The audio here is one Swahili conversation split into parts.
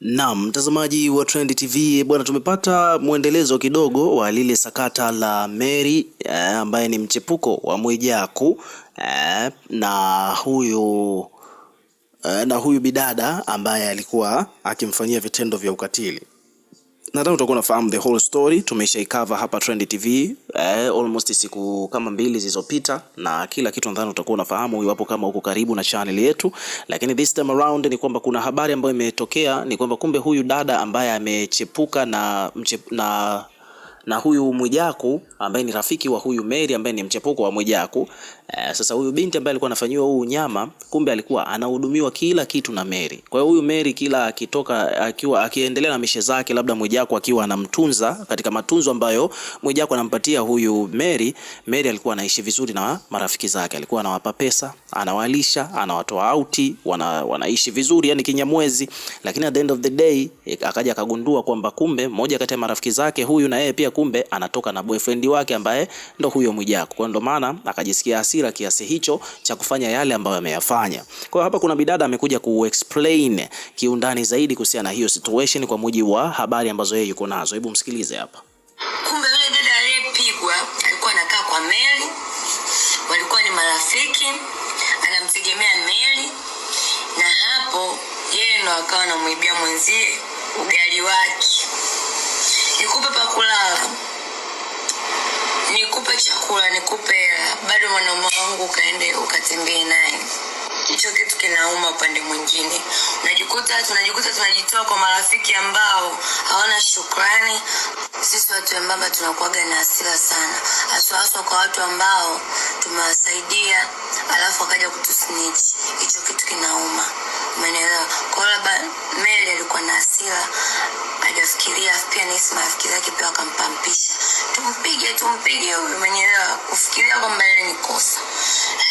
Naam, mtazamaji wa Trend TV bwana, tumepata mwendelezo kidogo wa lile sakata la Mary eh, ambaye ni mchepuko wa Mwijaku eh, na huyu eh, na huyu bidada ambaye alikuwa akimfanyia vitendo vya ukatili nadhani utakuwa unafahamu the whole story, ikava hapa Trend TV eh, almost siku kama mbili zilizopita, na kila kitu nadhani utakuwa unafahamu iwapo kama uko karibu na channel yetu. Lakini this time around ni kwamba kuna habari ambayo imetokea, ni kwamba kumbe huyu dada ambaye amechepuka na, na na huyu Mwijaku ambaye ni rafiki wa huyu Mary ambaye ni mchepuko wa Mwijaku. E, sasa huyu binti ambaye alikuwa anafanyiwa huu unyama, kumbe alikuwa anahudumiwa kila kitu na Mary. Kwa hiyo huyu Mary kila akitoka, akiwa akiendelea na mishe zake, labda Mwijaku akiwa anamtunza katika matunzo ambayo Mwijaku anampatia huyu Mary, Mary alikuwa anaishi vizuri na marafiki zake, alikuwa anawapa pesa, anawalisha, anawatoa auti, wana, wanaishi vizuri yani kinyamwezi. Lakini at the end of the day akaja akagundua kwamba kumbe moja kati ya marafiki zake huyu na yeye pia kumbe anatoka na boyfriend wake ambaye ndo huyo Mwijaku. Kwa ndo maana akajisikia hasira kiasi hicho cha kufanya yale ambayo ameyafanya. Kwa hiyo hapa kuna bidada amekuja ku explain kiundani zaidi kuhusiana na hiyo situation kwa mujibu wa habari ambazo yeye yuko nazo. Hebu msikilize hapa. Kumbe yule dada aliyepigwa alikuwa anakaa kwa meli, walikuwa ni marafiki, anamtegemea meli, na hapo yeye ndo akawa anamwibia mwenzie ugali wake chakula nikupe uh, bado mwanaume wangu ukaende ukatembee naye hicho kitu kinauma upande mwingine unajikuta tunajikuta tunajitoa kwa marafiki ambao hawana shukrani sisi watu wembamba tunakuaga na asira sana haswahaswa kwa watu ambao tumewasaidia alafu wakaja kutusnich hicho kitu kinauma umenelewa kwao labda meli alikuwa na asira ajafikiria pia nahisi mafikiri yake pia wakampampisha tumpige huyu mwenye eh, kufikiria kwamba ile ni kosa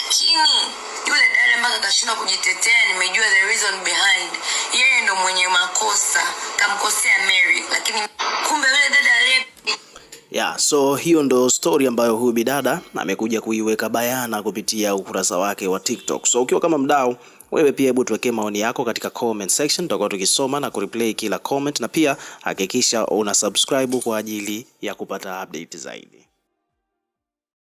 lakini yule dada mpaka akashindwa kujitetea nimejua the reason behind yeye ndo mwenye makosa kamkosea mary lakini kumbe Yeah, so hiyo ndo story ambayo huyu bidada amekuja kuiweka bayana kupitia ukurasa wake wa TikTok. So ukiwa kama mdau wewe pia hebu tuwekee maoni yako katika comment section, tutakuwa tukisoma na kureplay kila comment, na pia hakikisha una subscribe kwa ajili ya kupata update zaidi.